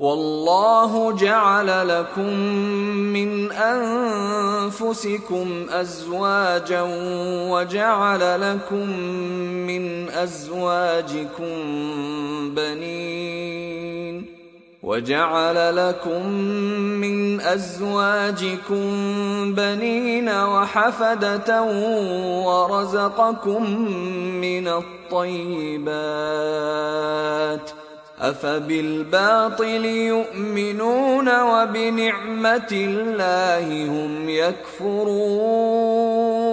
والله جعل لكم من انفسكم ازواجا وجعل لكم من ازواجكم بنين وجعل لكم من ازواجكم بنين وحفده ورزقكم من الطيبات أفبالباطل يؤمنون وبنعمة الله هم يكفرون